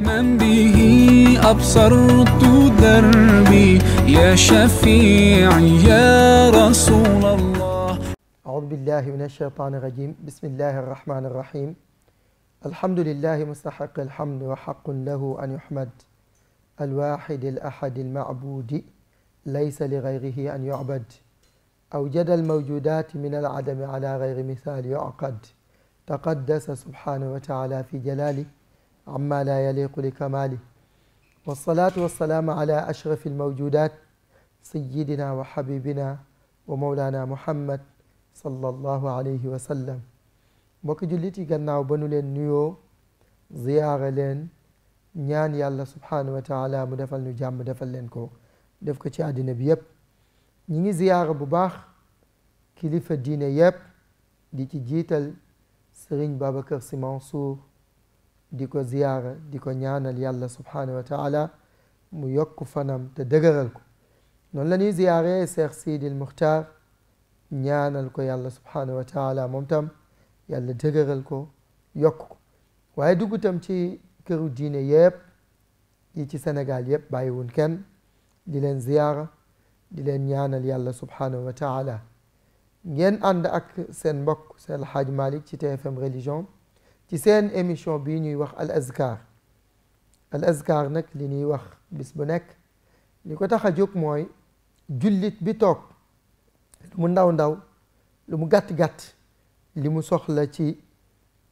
من به أبصرت دربي يا شفيعي يا رسول الله أعوذ بالله من الشيطان الرجيم بسم الله الرحمن الرحيم الحمد لله مستحق الحمد وحق له أن يحمد الواحد الأحد المعبود ليس لغيره أن يعبد أوجد الموجودات من العدم على غير مثال يعقد تقدس سبحانه وتعالى في جلاله amma la yaliqu li kamali wasalaatu wasalaamu ala ashrafi almawjudat sayidina wa xabibina wa mawlana muhammad sallallahu alayhi wa sallam mbokk jullit yi gannaaw ba nu leen nuyoo ziyaara leen ñaan yàlla subhaanahu wa taala mu defal nu jàmm defal leen ko def ko ci àddina bi yépp ñi ngi ziyaara bu baax kilifa diine yépp di ci jiital sëriñ Babacar Sy Mansour di ko ziyaara di ko ñaanal yàlla subhaanahu wa taala mu yokk fanam te dëgëral ko noonu la ñuy ziyaare seex siidil muxtaar ñaanal ko yàlla subhaanahu wa taala moom tam yàlla dëgëral ko yokk ko waaye dugg ci këru diine yëpp yi ci Sénégal yëpp bàyyiwun kenn di leen ziyaara di leen ñaanal yàlla subhaanahu wa taala ngeen ànd ak seen mbokk seen Alxaaj Malick ci TFM religion ci seen émission bii ñuy wax al azkar al azkar nag li ñuy wax bis bu nekk li ko tax a jóg mooy jullit bi toog lu mu ndaw ndaw lu mu gàtt gàtt li mu soxla ci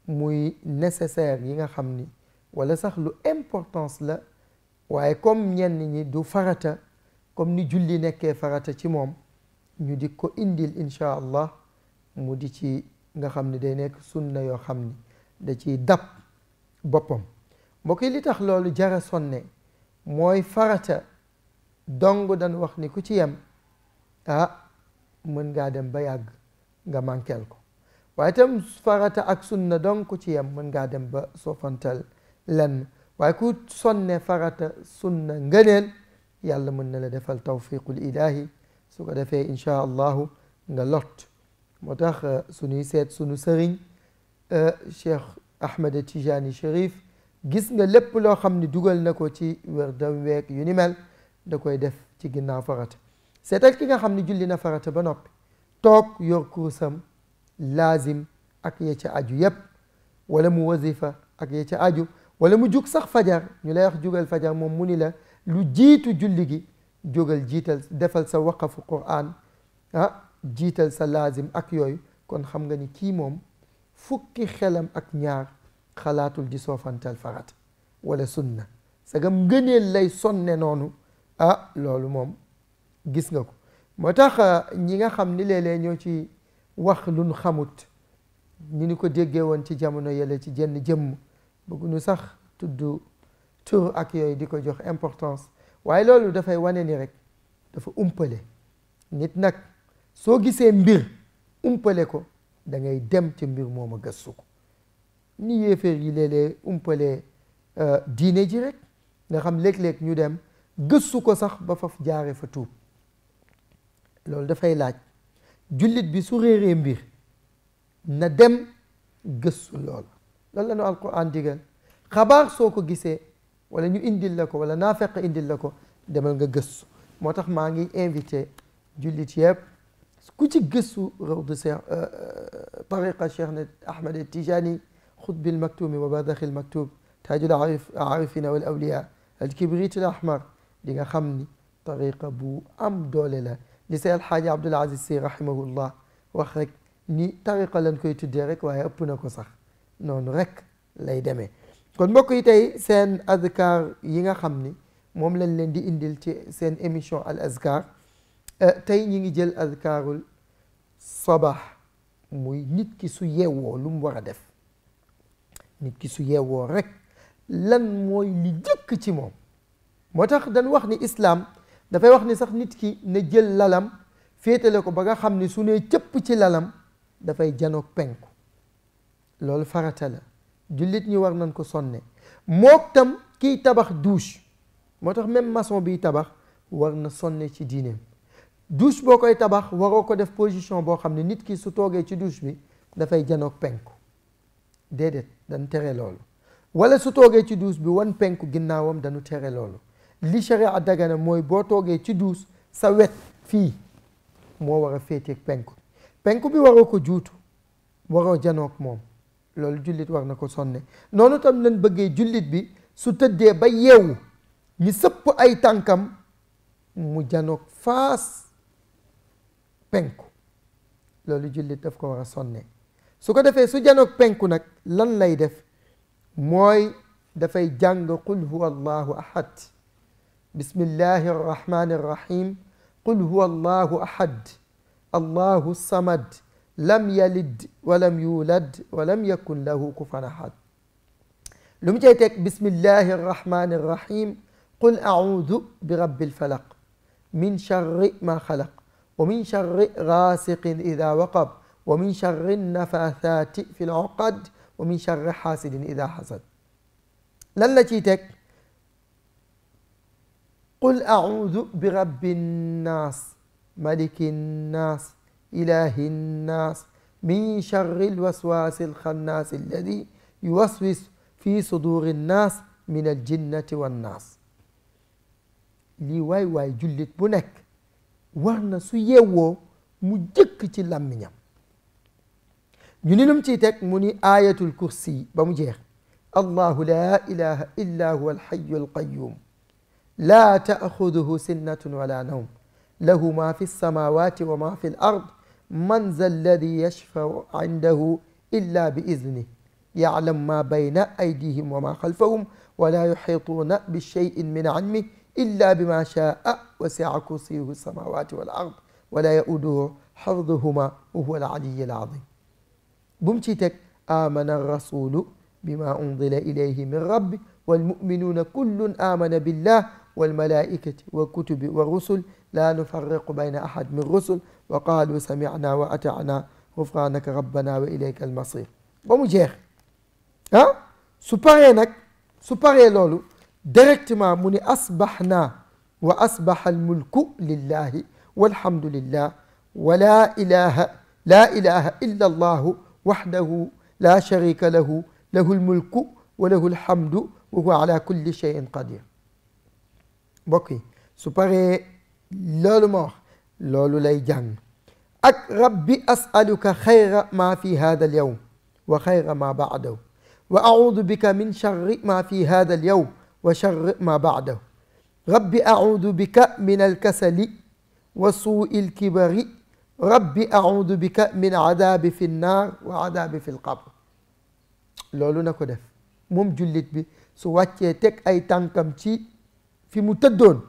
muy nécessaire yi nga xam ni wala sax lu importance la waaye comme ñenn ñi du farata comme ni julli nekkee farata ci moom ñu di ko indil incha allah mu di ci nga xam ni day nekk sunna yoo xam ni da ci dab boppam mbokk yi li tax loolu jara sonne mooy farata dong dañ wax ni ku ci yem ah mën ngaa dem ba yàgg nga mànkeel ko waaye itam farata ak sunna dong ku ci yem mën ngaa dem ba soofantal lenn waaye ku sonne farata sunna ngëneel yàlla mën na la defal tawfiqul ilahi su ko defee inchaa allahu nga lot moo tax eh, sunuy seet sunu sëriñ Euh, cheikh ahmed tijani chérif gis nga lépp loo xam ne dugal na ko ci weer dam week yu ni mel da koy def ci ginnaaw farata seetal ki nga xam ne julli na farata ba noppi toog yor kursam laazim ak ya ca aju yépp wala mu wazifa ak ya ca aju wala mu jug sax fajar ñu lay wax jugal fajar moom mu ni la lu jiitu julli gi jógal jiital defal sa waqafu qur'an ah jiital sa laazim ak yooyu kon xam nga ni kii moom fukki xelam ak ñaar xalaatul di soofantal farat wala sunna sagam ngëneel lay sonne noonu ah loolu moom gis nga ko moo tax ah, ñi nga xam ni léeg-léeg ñoo ci wax luñ xamut ñu nu ko déggee woon ci jamono yële ci jenn jëmm bëgguñu sax tudd tur ak yooyu di ko jox importance waaye loolu dafay wane ni rek dafa umpale nit nag soo gisee mbir umpale ko da ngay dem ci mbir moom a gëstu ko ni yéeféer yi léeg-léeg umpalee euh, diine ji rek nga xam léeg-léeg ñu dem gëstu ko sax ba fa jaare fa tuub loolu dafay laaj jullit bi su réeree mbir na dem gëstu lool loolu la nu alquran digal xabaar soo ko gisee wala ñu indil la ko wala naafeq indil la ko demal nga gëstu moo tax maa ngi invité jullit yëpp ku ci gëstu rawdu Cheikh euh, euh, tariqa Cheikh na Ahmad Tijani xutbi lmaktumi wa badaxi lmaktub taajul aarifina wal awliya alkibrit al ahmar di nga xam ni tariqa bu am doole la li Seydi Alxaaji Abdul Aziz Si rahimahullah wax rek ni tariqa lañ koy tuddee rek waaye ëpp na ko sax noonu rek lay demee kon mbokk yi tey seen azkar yi nga xam ni moom lañ leen di indil ci seen émission al azkar Eh, tey ñi ngi jël azkaarul sabah muy nit ki su yeewoo lu mu war a def nit ki su yeewoo rek lan mooy li jëkk ci moom moo tax dañ wax ni islaam dafay wax ni sax nit ki ne jël lalam féetale ko ba nga xam ni su ne cëpp ci lalam dafay janook penku loolu farata la jullit ñi war nañ ko sonne mook tam kiy tabax douche moo tax même maçon biy tabax war na sonne ci diineem douche boo koy tabax waroo ko def position boo xam ne nit kii su toogee ci duus bi dafay janoog penku déedéet dañ tere loolu wala su toogee ci duus bi wan penku ginnaawam dañu tere loolu li a dagana mooy boo toogee ci duus sa wet fii moo war a féeteeg penku penku bi waroo ko juutu waroo janoog moom loolu jullit war na ko sonne noonu tam lañ bëggee jullit bi su tëddee ba yeewu ñu sëpp ay tànkam mu janoog faas penku loolu jullit daf ko war a sonne su ko defee su janoog penku nag lan lay def mooy dafay jàng qul huwa allahu ahad bismillahi arrahmani arrahim qul huwa allahu ahad allahu samad lam yalid walam yulad walam yakun lahu kufan ahad lu mu cay teg bismillahi arrahmani arrahim qul audu bi rabbi alfalaq min charri ma xalaq wa min charri gaasiqin ida waqab wa min charri nafaathaati fi loqad wa min charri xaasidin ida xasad lan la ciy teg qul audu bi rabbi nnaas maliki nnaas ilahi nnaas min charri lwaswaasi alxannaas alladi yuwaswis fi suduri nnaas min aljinnati wannaas lii waay waay jullit bu nekk war na su yeewoo mu jëkk ci làmmiñam ñu ni lum ciy teg mu ni ayatul kursi ba mu jeex allahu laa ilaha illa huwa alxayu alqayum laa taaxuduhu sinnatun wala nawm lahu ma fi lsamawati wa ma fi l ard man za alladi yashfau indahu illa bi idnih yaclam ma bayna aydihim wa ma xalfahum wala yuxituuna bi cheyin min ilmih illa bi ma shaa wasia kursiyuhu samawati wal ard wala yauduhu xafduhuma wa huwa al aliyu al azim bu mu ciy teg amana rasulu bima unzila ilayhi min rabbi walmuminuuna kullun amana billah walmalaikati wa kutubi wa rusul la nufarriqu bayna ahad min rusul wa qaalu samicna wa atacna gufraanaka rabbana wa ilayka almasir ba mu jeex ah su paree nag su paree loolu directement mu ni asbaxnaa wa asbaxa almulku lillahi walhamdulillah wa laa ilaha laa ilaha illa allahu waxdahu laa sharika lahu lahu lmulku wa lahu lhamdu wa huwa ala kulli cheyin qadir mbokk yi su paree loolu ma wax loolu lay jàng ak rabbi asaluka xayra maa fi hada alyawm wa xayra maa baadahu wa audu bika min charri maa fi hada alyawm wa charr ma baadahu rabbi audu bika min alkasali wa suui lkibari rabbi audu bika min aadabi fi nnaar wa aadabi fi lqabr loolu na ko def moom jullit bi su wàccee teg ay tànkam ci fi mu tëddoon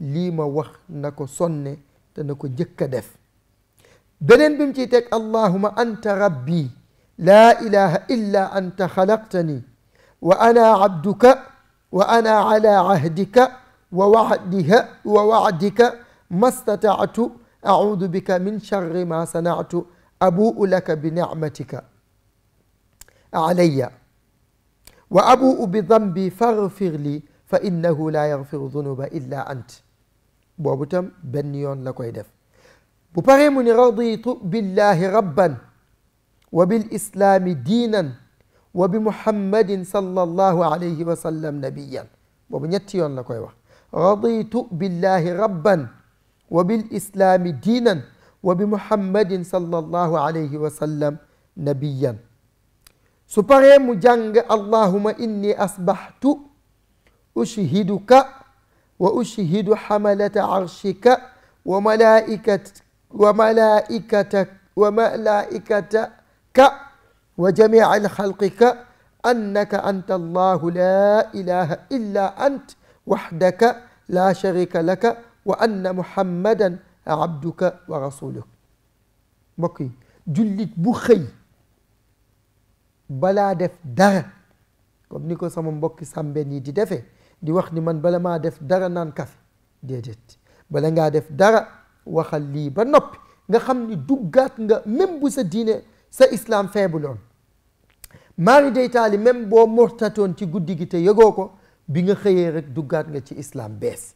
lii ma wax na ko sonne te na ko jëkk a def beneen bi mu ciy teg allahuma anta rabbi laa ilaha illa anta xalaqtani wa ana abduka wa ana ala ahdika wa wa'dika wa wa'dika mastata'tu a'uudu bika min sharri ma sana'tu abu'u laka bi ni'matika alayya wa abu'u bi dambi faghfir li fa innahu la yaghfiru dunuba illa ant boobu tam benn yoon la koy def bu paree mu ni raditu billahi rabban wa bil islaami diinan wa bi muhammadin sallallahu alayhi wa sallam nabiyan boobu ñetti yoon la koy wax raditu billahi rabban wa bil islaami diinan wa bi muhammadin sallallahu alayhi wa sallam nabiyan su paree mu jàng allahuma inni asbaxtu ushhiduka wa ushhidu xamalata arshika wa malaikata wa malaikata wa malaikataka wa jamici xalqika annaka anta allahu la ilaha illa ant waxdaka la sharika laka wa anna muhammadan abduka wa rasuluk mbokk yi jullit bu xëy balaa def dara comme ni ko sama mbokki sàmben yi di defee di wax ni man bala maa def dara naan kafe déedéet bala ngaa def dara waxal lii ba noppi nga xam ni duggaat nga même bu sa diine sa islam feebuloon maari day taali même boo mortatoon ci guddi gi te yëgoo ko bi nga xëyee rek duggaat nga ci islam bees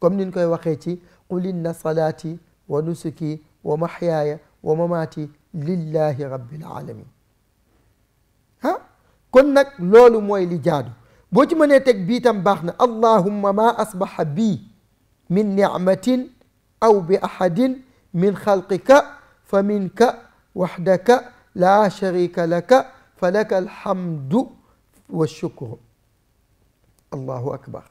comme nin koy waxee ci qul inna salaati wa nusuki wa mahyaaya wa mamaati lillahi rabbil nag loolu mooy li jaadu boo ci mënee teg bii baax na allahumma ma asbaha bii min nicmatin aw bi ahadin min xalqika fa minka waxdaka laa sharika laka fa laka alhamdu wa shukru allahu akbar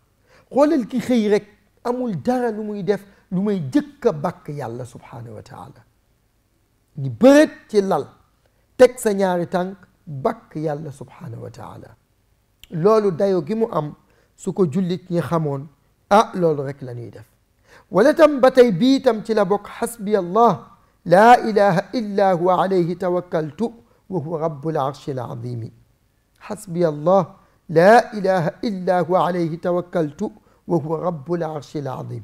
xoolal ki xëy rek amul dara lu muy def lu muy jëkk a bàkk yàlla subhaanahu wa taala ni bërët ci lal teg sa ñaari tànk bàkk yàlla subhaanahu wa taala loolu dayo gi mu am su ko jullit ñi xamoon ah loolu rek la ñuy def wala tam ba tey bii tam ci la bokk xasbi allah laa ilaha illa huwa alayhi tawakkaltu wa huwa rabbul arshil azimi hasbiya allah laa ilaha illa huwa alayhi tawakkaltu wa huwa rabbul arshil azim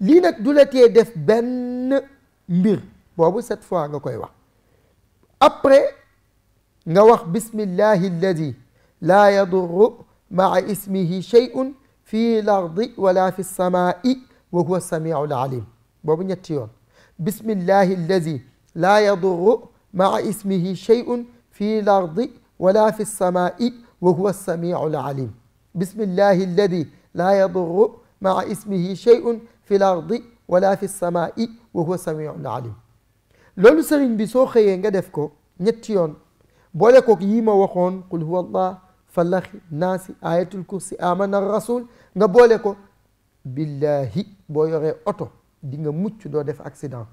lii nag du la tee def benn mbir boobu cette fois nga koy wax après nga wax bismillahi alladi laa yadurru maa ismihi shay'un fi l ardi wala fi lsamaa'i wa huwa samiu alalim boobu ñetti yoon bismillahi allazi laa yadurru maa ismihi sheyun fi l ardi wala fi lsamai wa huwa alsamiu alalim bismillahi alladi laa yadurru maa ismihi sheyun fi l ardi wala fi lsamai wa huwa samiu alalim loolu sëriñ bi soo xëyee nga def ko ñetti yoon boole ko yii ma waxoon qul huwa allah falaxi naasi ayatul kursi amana rasul nga boole ko billahi boo yoree oto dinga mucc doo def accident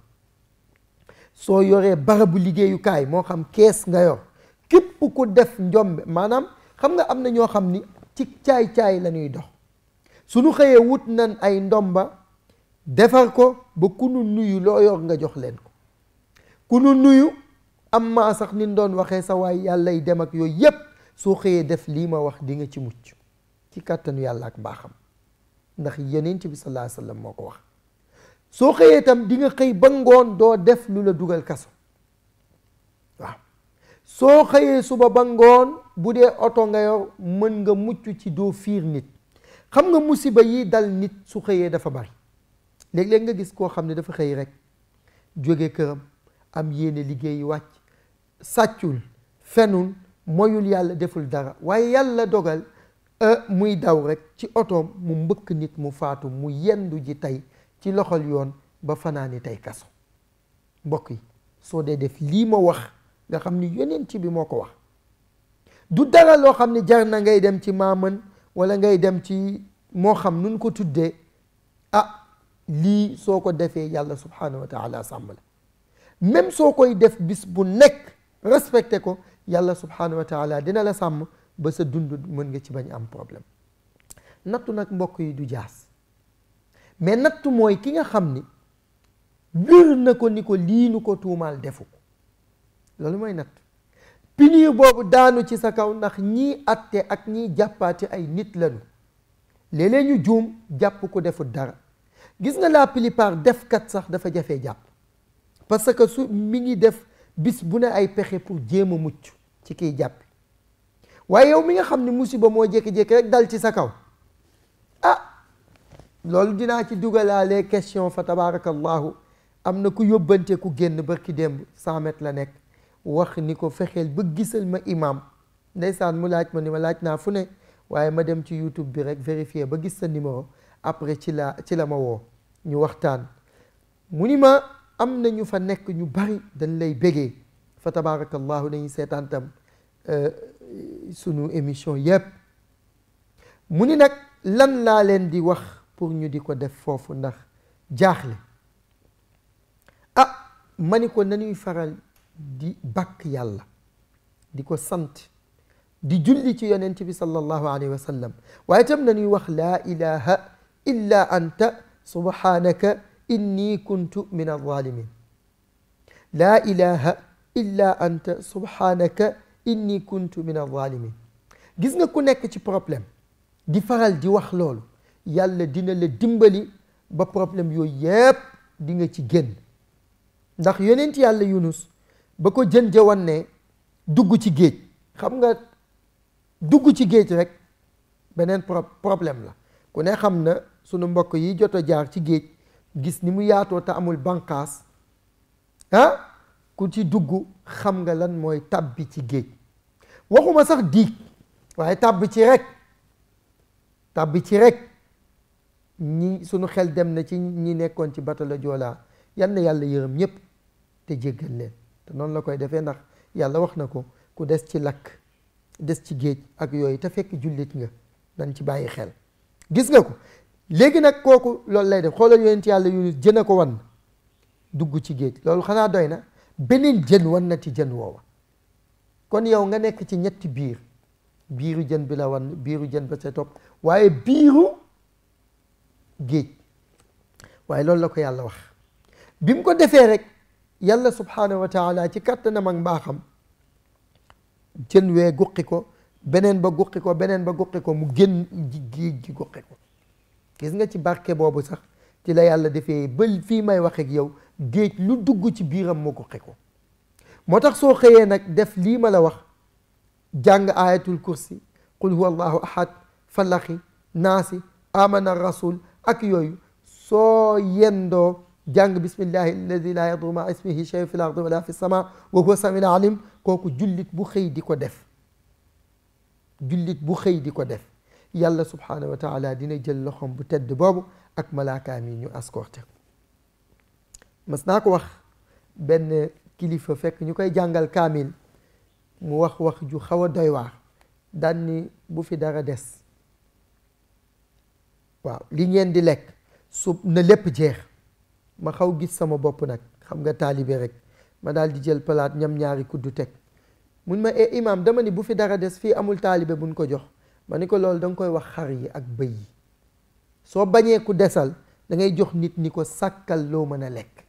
soo yoree barabu liggéeyukaay moo xam kees nga yor képp ku def njombe maanaam xam nga am na ñoo xam ni ci caay-caay la ñuy dox suñu xëyee wut nan ay ndomba defar ko ba ku nu nuyu loo yor nga jox leen ko ku nu nuyu am maa sax ni ndoon waxee sa waay yàllay dem ak yooyu yépp soo xëyee def lii ma wax dinga ci mucc ci kàttanu yàlla ak mbaaxam ndax yeneen ci bi sallallahu alayhi moo ko wax soo xëyee itam di nga xëy ba ngoon doo def lu la dugal kaso waaw soo xëyee suba ba ngoon bu dee oto nga yor mën nga mucc ci doo fiir nit xam nga musiba yi dal nit su xëyee dafa bari léeg-léeg nga gis koo xam ne dafa xëy rek jóge këram am yéene liggéey wàcc sàccul fenul moyul yàlla deful dara waaye yàlla dogal eh, muy daw rek ci otoom mu mbëkk nit mu faatu mu yendu ji tey ci loxol yoon ba fanaani tey kaso mbokk yi soo dee def lii ma wax nga xam ni yonent bi moo ko wax du dara loo xam ni jar na ngay dem ci maaman wala ngay dem ci moo xam nun ko tuddee ah lii soo ko defee yàlla subhanahu wa taala sàmm la même soo koy def bis bu nekk respecté ko yàlla subhanahu wa taala dina la sàmm ba sa dund mën nga ci bañ am problème nattu nag mbokk yi du jaas mais nattu mooy ki nga xam ni wér na ko ni ko lii nu ko tuumaal defu ko loolu mooy natt pinir boobu daanu ci sa kaw ndax ñii atte ak ñii jàppaate ay nit lañu léeg-léeg ñu juum jàpp ko defu dara gis nga la plupart defkat sax dafa jafee jàpp parce que su mi ngi def bis bu ne ay pexe pour jéem a mucc ci kiy jàppi waaye yow mi nga xam ne musiba moo jékki-jékki rek dal ci sa kaw ah loolu dinaa ci dugalaale question fa tabaarakallahu am na ku yóbbante ku génn barki démb cent mètres la nekk wax ni ko fexeel ba gisal ma imam ndeysaan mu laaj ma ni ma laaj naa fu ne waaye ma dem ci youtube bi rek vérifier ba gis sa numéro après ci la ci la ma woo ñu waxtaan mu ni ma am na ñu fa nekk ñu bari dañ lay bégee fa tabaarakallahu dañuy seetaan tam euh, sunu émission yëpp mu ni nag lan laa leen di wax pour ñu di ko def foofu ndax jaaxle ah ma ni ko nañuy faral di bakk yàlla di ko sant di julli ci yonent bi sallallahu alayhi waaye tam nañuy wax laa ilaha illa anta subhanaka inni kuntu min alzalimin laa gis nga ku nekk ci problème di faral di wax loolu yàlla dina la dimbali ba problème yooyu yépp dinga ci génn ndax yeneen yonent yàlla yunus ba ko jën jawan ne dugg ci géej xam nga dugg ci géej rek beneen problème la ku ne xam na sunu mbokk yi jot a jaar ci géej gis ni mu yaatoo te amul banqaas ah ku ci dugg xam nga lan mooy tàbbi ci géej waxuma sax diig waaye tàbbi ci rek tàbbi ci rek ñi sunu xel dem na ci ñi nekkoon ci batala joolaa yal na yàlla yërëm ñëpp te jéggal leen te noonu la koy defee ndax yàlla wax na ko ku des ci lakk des ci géej ak yooyu te fekk jullit nga nañ ci bàyyi xel gis nga ko léegi nag kooku loolu lay def xoolal yonent yàlla Yunus jën a ko wan dugg ci géej loolu xanaa doy na beneen jën wan na ci jën woowa kon yow nga nekk ci ñetti biir biiru jën bi la wan biiru jën ba sa topp waaye biiru géej waaye loolu la ko yàlla wax bi mu ko defee rek yàlla subhaanahu wa taala ci kattanam ak mbaaxam jën wee guqi ko beneen ba guqi ko beneen ba guqi ko mu génn géej gi guqi ko gis nga ci barke boobu sax ci la yàlla defee ba fii may waxeeg yow géej lu dugg ci biiram mu guqi ko moo tax soo xëyee nag def lii ma la wax jàng ayatul kursi qul huwa allahu ahad falaqi naasi amana rasul ak yooyu soo yendoo jàng bismillahi alladi laa yaduru ma ismihi chey fi l ardi fi sama wa huwa samil alim kooku jullit bu xëy di ko def jullit bu xëy di ko def yàlla subhaanahu wa taala dina jël loxoom bu tedd boobu ak malaakaam yi ñu escorté mas naa ko wax benn kilifa fekk ñu koy jàngal kaamil mu wax wax ju xaw a doy waar daan bu fi dara des waaw li ngeen di lekk su na lépp jeex ma xaw gis sama bopp nag xam nga taalibe rek ma daal di jël palaat ñam ñaari kuddu teg mun ma e imaam dama ni bu fi dara des fii amul taalibe buñ ko jox ma ni ko loolu danga koy wax xar yi ak bëy yi soo bañee ku desal dangay jox nit ni ko sàkkal loo mën a lekk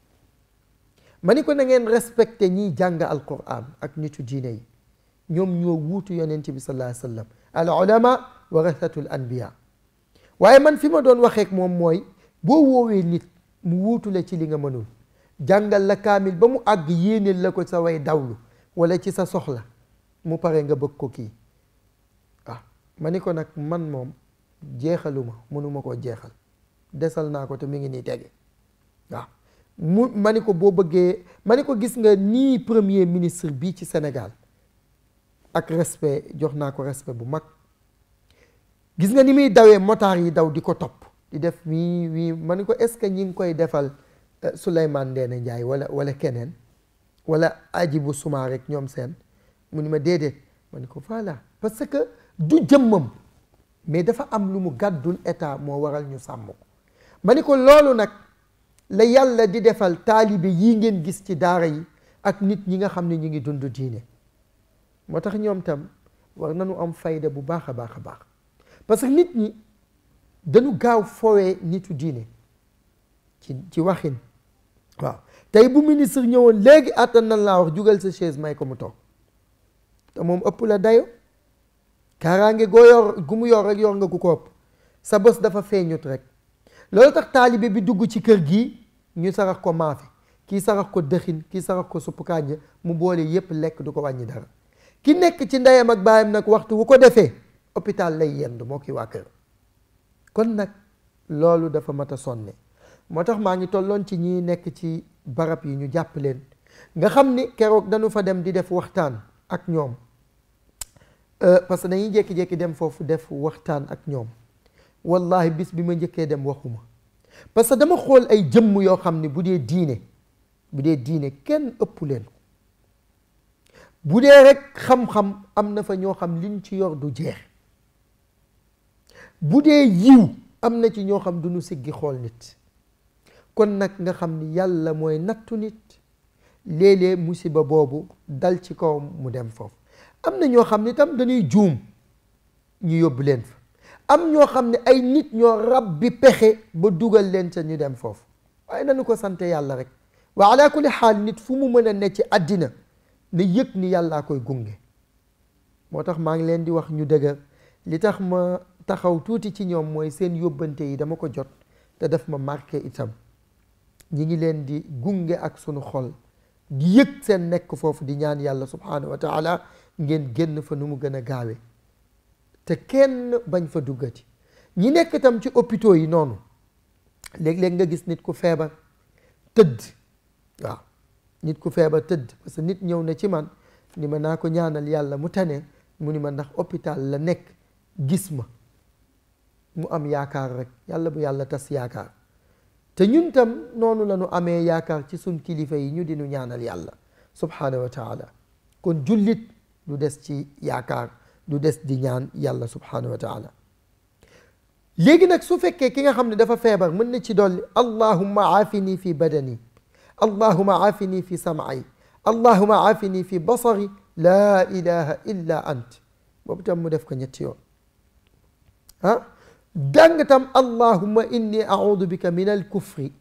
ma ni ko na ngeen respecté ñiy jàng alquran ak nitu diine yi ñoom ñoo wuutu yonent bi sallallahu alayhi wa sallam al ulama warasatul anbiya waaye man fi ma doon waxeek moom mooy boo woowee nit mu wuutule ci li nga mënul jàngal la kaamil ba mu àgg yéeneel la ko sa way dawlu wala ci sa soxla mu pare nga bëgg ko kii ah ma ni ko nag man moom jeexaluma mënuma koo jeexal desal naa ko te mi ngi nii tege waaw ah, mu ma ni ko boo bëggee ma ni ko gis nga nii premier ministre bii ci senegal ak respe jox naa ko respect bu mag gis nga ni muy dawee motaar yi daw di ko topp di def wii wii man ko est-ce que ñi ngi koy defal eh, Souleymane Ndéné Ndiaye wala wala keneen wala Hadjibou Soumaré rek ñoom seen mu ni ma déedéet man ko voilà parce que du jëmmam mais dafa am lu mu gàddul état moo waral ñu sàmm ko ma ni ko loolu nag la yàlla di defal taalibe yii ngeen gis ci daara yi ak nit ñi nga xam ne ñu ngi dund diine moo tax ñoom tam war nañu am fayda bu baax a baax a baax parce que nit ñi dañu gaaw foowee nitu diine ci ci waxin waaw tey bu ministre ñëwoon léegi àttan na laa wax jugal sa chaise may ko mu toog te moom ëpp la dayo kaaraange goo yor gu mu yor rek yor nga ku ko ëpp sa bës dafa feeñut rek loolu tax taalibe bi dugg ci kër gi ñu sarax ko maafe kii sarax ko dëxin kii sarax ko suppu kànja mu boole yépp lekk du ko wàññi dara ki nekk ci ndeyam ak baayam nag waxtu wu ko defee hôpital lay yenn moo ki waa kër kon nag loolu dafa mat a sonne moo tax maa ngi tolloon ci ñi nekk ci barab yi ñu jàpp leen nga xam ni keroog dañu fa dem di def waxtaan ak ñoom euh, parce que dañuy jékki-jékki dem foofu def waxtaan ak ñoom wallahi bis bi ma njëkkee dem waxuma parce que dama xool ay jëmm yoo xam ne bu dee diine bu dee diine kenn ëpp leen bu dee rek xam-xam am na fa ñoo xam liñ ci yor du jeex bu dee yiw am na ci ñoo xam du ñu siggi xool nit kon nag nga xam ni yàlla mooy nattu nit léeg-léeg musiba boobu dal ci kawam mu dem foofu am na ñoo xam ne itam dañuy juum ñu yóbbu leen ñoo xam ne ay nit ñoo rab bi pexe ba dugal leen ca ñu dem foofu waaye nañu ko sante yàlla rek waa ala kulli xaal nit fu mu mën a ne ci àddina na yëg ni yàllaa koy gunge moo tax maa ngi leen di wax ñu dëgër li tax ma taxaw tuuti ci ñoom mooy seen yóbbante yi dama ko jot te daf ma marqué itam ñi ngi leen di gunge ak sunu xol di yëg seen nekk foofu di ñaan yàlla subhaanahu wa taala ngeen génn fa nu mu gën a gaawe te kenn bañ fa duggati ñi nekk tam ci hôpitaux yi noonu léeg-léeg nga gis nit ku feebar tëdd waaw nit ku feebar tëdd parce que nit ñëw na ci man ni ma naa ko ñaanal yàlla mu tane mu ni ma ndax hôpital la nekk gis ma mu am yaakaar rek yàlla bu yàlla tas yaakaar te ñun tam noonu la ñu amee yaakaar ci suñ kilifa yi ñu dinu ñaanal yàlla subhaanahu wa taala kon jullit du des ci yaakaar du des di ñaan yàlla subhaanahu wa taala léegi nag su fekkee ki nga xam ne dafa feebar mën na ci dolli allahumma aafini fi badani allahumma aafini fi sam'i allahumma aafini fi basari laa ilaha illa ant boobu tam mu def ko ñetti yoon ah? jàng tam allahuma inni audu bika min alkufri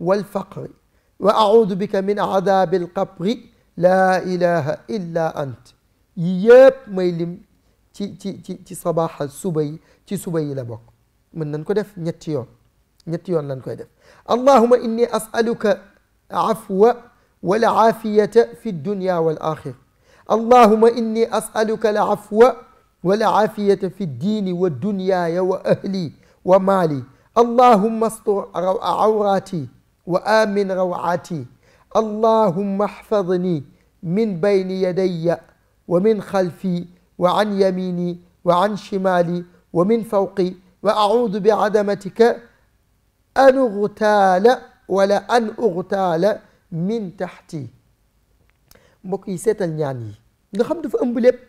walfaqri wa audu bika min aadabi alqabri laa ilaha illa ant yi yëpp may lim ci ci ci ci sabaaxal suba yi ci suba yi la bokk mën nañ ko def ñetti yoon ñetti yoon lañ koy def allahuma inni asaluka afwa wal aafiyata fi dunya wal axir allahuma inni asaluka al afwa wala aafiyata fi diini wa dunyaaya wa ahli wa maali allahumma astur awraati wa amin rawaati allahumma axfadni min bayni yadaya wa min xalfi wa an yamini wa an shimaali wa min fawqi wa audu biadamatika an ugtaala wala an ugtaala min taxti mbokk yi seetal ñaan yi nga xam dafa ëmb lépp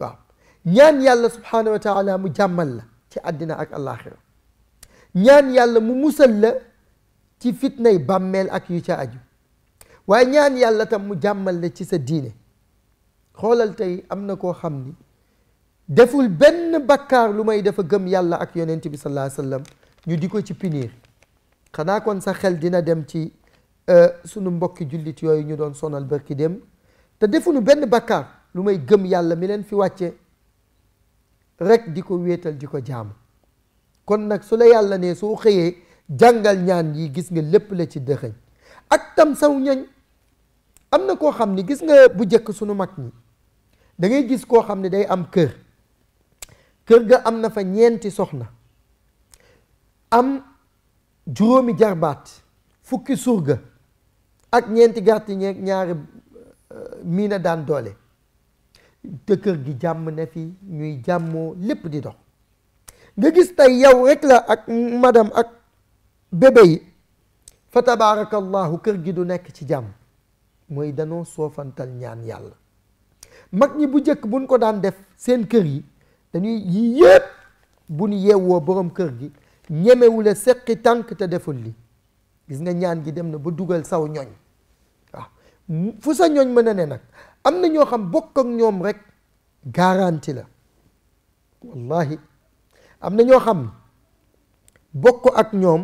waaw ñaan yàlla subhaanahu wa mu jàmmal la ci àddina ak alaxira ñaan yàlla mu musal la ci fitnay bàmmeel ak yu ca aju waaye ñaan yàlla tam mu jàmmal la ci sa diine xoolal tey am na koo xam ni deful benn bakkaar lu may dafa gëm yàlla ak yonent bi sallallahu alayhi ñu di ko ci punir xanaa kon sa xel dina dem ci euh, sunu mbokki jullit yooyu ñu doon sonal barki dem te defuñu benn bakkaar lu may gëm yàlla mi leen fi wàcce rek di ko wéetal di ko jaamu kon nag su la yàlla nee soo xëyee jàngal ñaan yi gis nga lépp la ci dëxëñ ak tam saw ñañ am na koo xam ni gis nga bu jëkk sunu mag ñi dangay gis koo xam ne day am kër kër ga am na fa ñeenti soxna am juróomi jarbaat fukki surga ak ñeenti gàtt ñeeg ñaari euh, miina daan doole kër gi jàmm ne fi ñuy jàmmoo lépp di dox nga gis tey yow rek la ak madam ak bébé yi fa tabaarakallahu kër gi du nekk ci jàmm mooy danoo soofantal ñaan yàlla mag ñi bu jëkk buñ ko daan def seen kër yi dañuy yi yépp buñ yeewoo borom kër gi ñemewula seqi tànk te deful li gis nga ñaan gi dem na ba dugal saw ñoñ waaw fu sa ñoñ mën a ne nag am na ñoo xam bokk ak ñoom rek garanti la wallahi am na ñoo xam bokk ak ñoom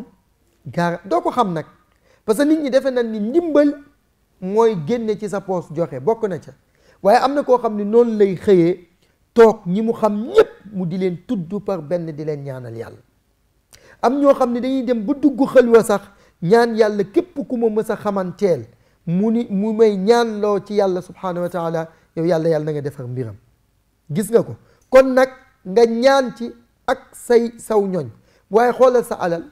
gaara doo ko xam nag parce que nit ñi defe nañ ni ndimbal mooy génne ci sa poos joxe bokk na ca waaye am na koo xam ne noonu lay xëyee toog ñi mu xam ñépp mu di leen tudd par benn di leen ñaanal yàlla am ñoo xam ne dañuy dem bu dugg xëlwa sax ñaan yàlla képp ku ma mës a xamanteel mu ni mu may ñaan loo ci yàlla subhaanahu wa yow yàlla yàlla na nga defar mbiram gis nga ko kon nag nga ñaan ci ak say saw ñooñ waaye xoolal sa alal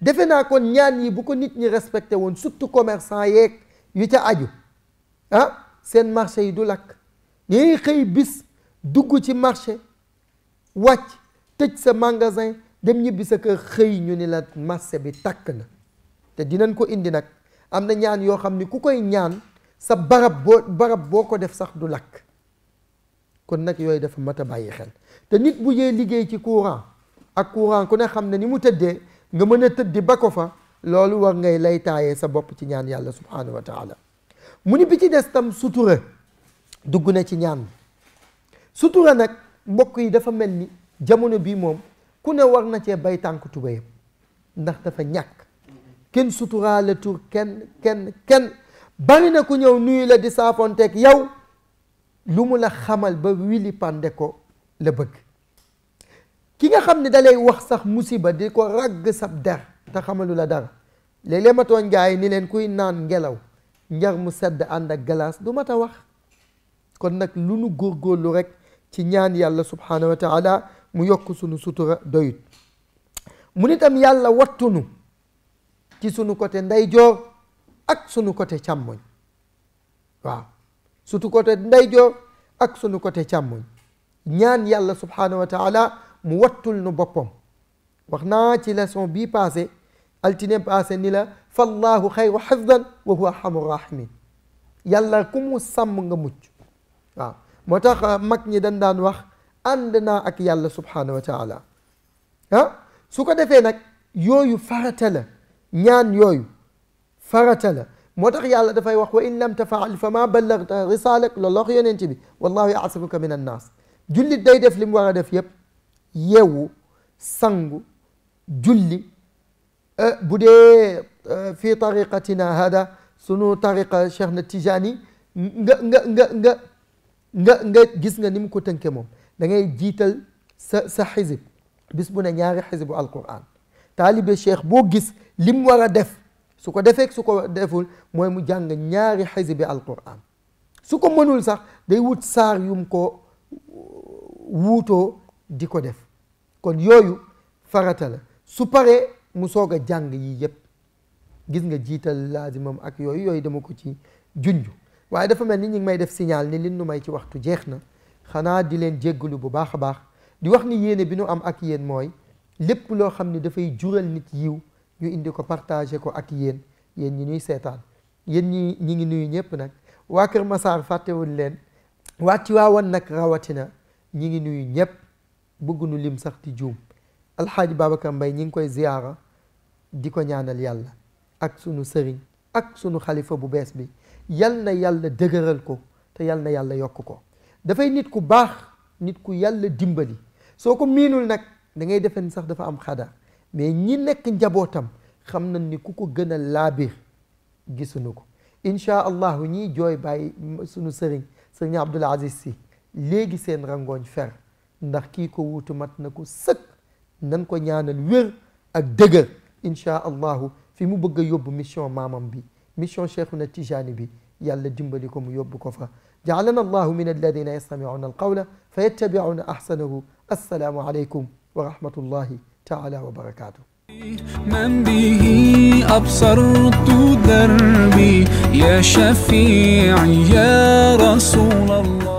defe naa kon ñaan yi bu ko nit ñi respecté woon surtout commerçant yeeg yu ca aju ah seen marché yi du lakk ñuy xëy bis dugg ci marché wàcc tëj sa magasin dem ñibbi sa kër xëy ñu ni la marché bi tàkk na te dinañ ko indi nag am na ñaan yoo xam ni ku koy ñaan sa barab boo barab boo ko def sax du lakk kon nag yooyu dafa mat a bàyyi xel te nit bu yee liggéey ci courant ak courant ku ne xam ne ni mu tëddee nga mën a tëdd ba ko fa loolu war ngay lay taayee sa bopp ci ñaan yàlla subhanahu wa taala mu ni bi ci des tam sutura dugg na ci ñaan sutura nag mbokk yi dafa mel ni jamono bii moom ku ne war na cee bay tànk tubéyam ndax dafa ñàkk kenn suturaale tur kenn kenn kenn bari na ku ñëw nuyu la di saafonteeg yow lu mu la xamal ba wili pande ko la bëgg ki nga xam ne dalay wax sax musiba di ko ragg sab der te xamalu la dara léeg-léeg ma tooñ gaa ni leen kuy naan ngelaw njar mu sedd ànd ak galaas du mat a wax kon nag lu nu góorgóorlu rekk ci ñaan yàlla subhaanahu wa taala mu yokk sunu sutura doyut mu nitam yàlla wattunu ci sunu côté ndeyjoor ak sunu côté càmmoñ waaw surtout côté ndeyjoor ak sunu côté càmmoñ ñaan yàlla subhaanahu wa mu wattul nu boppam wax naa ci leçon bi passé altine passé ni la fallahu xayru xifdan wa huwa arhamu rahimin yàlla ku mu sàmm nga mucc waaw moo tax ah, mag ñi dañ daan wax ànd naa ak yàlla subhaanahu wa ah, su ko defee nag yooyu farata la ñaan yooyu farata la moo tax yàlla dafay wax wa in lam tafaal fa ma ballagta risalak loolu wax yonent bi wallahu yaasimuka min annaas day def li war a def yépp yeewu sangu julli euh, bu dee euh, fi tariqatina hada sunu tariqa cheikh na tijani nga nga nga nga nga nga gis nga ni mu ko tënke moom da ngay jiital sa sa xizib bis bu ne ñaari xizibu alquran taalibe cheikh boo gis li mu war a def su ko defee su ko deful mooy mu jàng ñaari xisbi alquran su ko mënul sax day wut saar yum ko wuutoo di ko def kon yooyu farata la su paree mu soog a jàng yi yépp gis nga jiital laazimam ak yooyu yooyu dama ko ci junj waaye dafa mel ni ñu may def siñaal ni lin nu may ci waxtu jeex na xanaa di leen jéggalu bu baax a baax di wax ni yéene bi nu am ak yéen mooy lépp loo xam ne dafay jural nit yiw ñu indi ko partagé ko ak yéen yéen ñi ñuy seetaan yéen ñi ñu ngi nuyu ñëpp nag waa Kër Masaar fàttewul leen waa Tiwaawan nag rawatina ñi ngi nuyu ñëpp bëgguñu lim sax di juum alxaaji Babacar mbay ñi ngi koy ziyaara di ko ñaanal yàlla ak sunu sëriñ ak sunu xalifa bu bees bi yal na yàlla dëgëral ko te yal na yàlla yokk ko dafay nit ku baax nit ku yàlla dimbali soo ko miinul nag da ngay defe ni sax dafa am xada mais ñi nekk njabootam xam nañ ni ku ko gën a laabir gisuñu ko incha allahu ñiy jooy bàyyi sunu sëriñ sëriñ Abdul Aziz si léegi seen rangooñ fer ndax kii ko wuutu mat na ko sëkk nan ko ñaanal wér ak dëgër incha allahu fi mu bëgg a yóbbu mission maamam bi mission na Tijaani bi yàlla dimbali ko mu yóbbu ko fa jaalana allahu min alladina yastamiuna alqawla fa yattabiuna ahsanahu assalaamu aleykum wa rahmatullahi taala wa barakaatu من به أبصرت دربي يا شفيعي يا رسول الله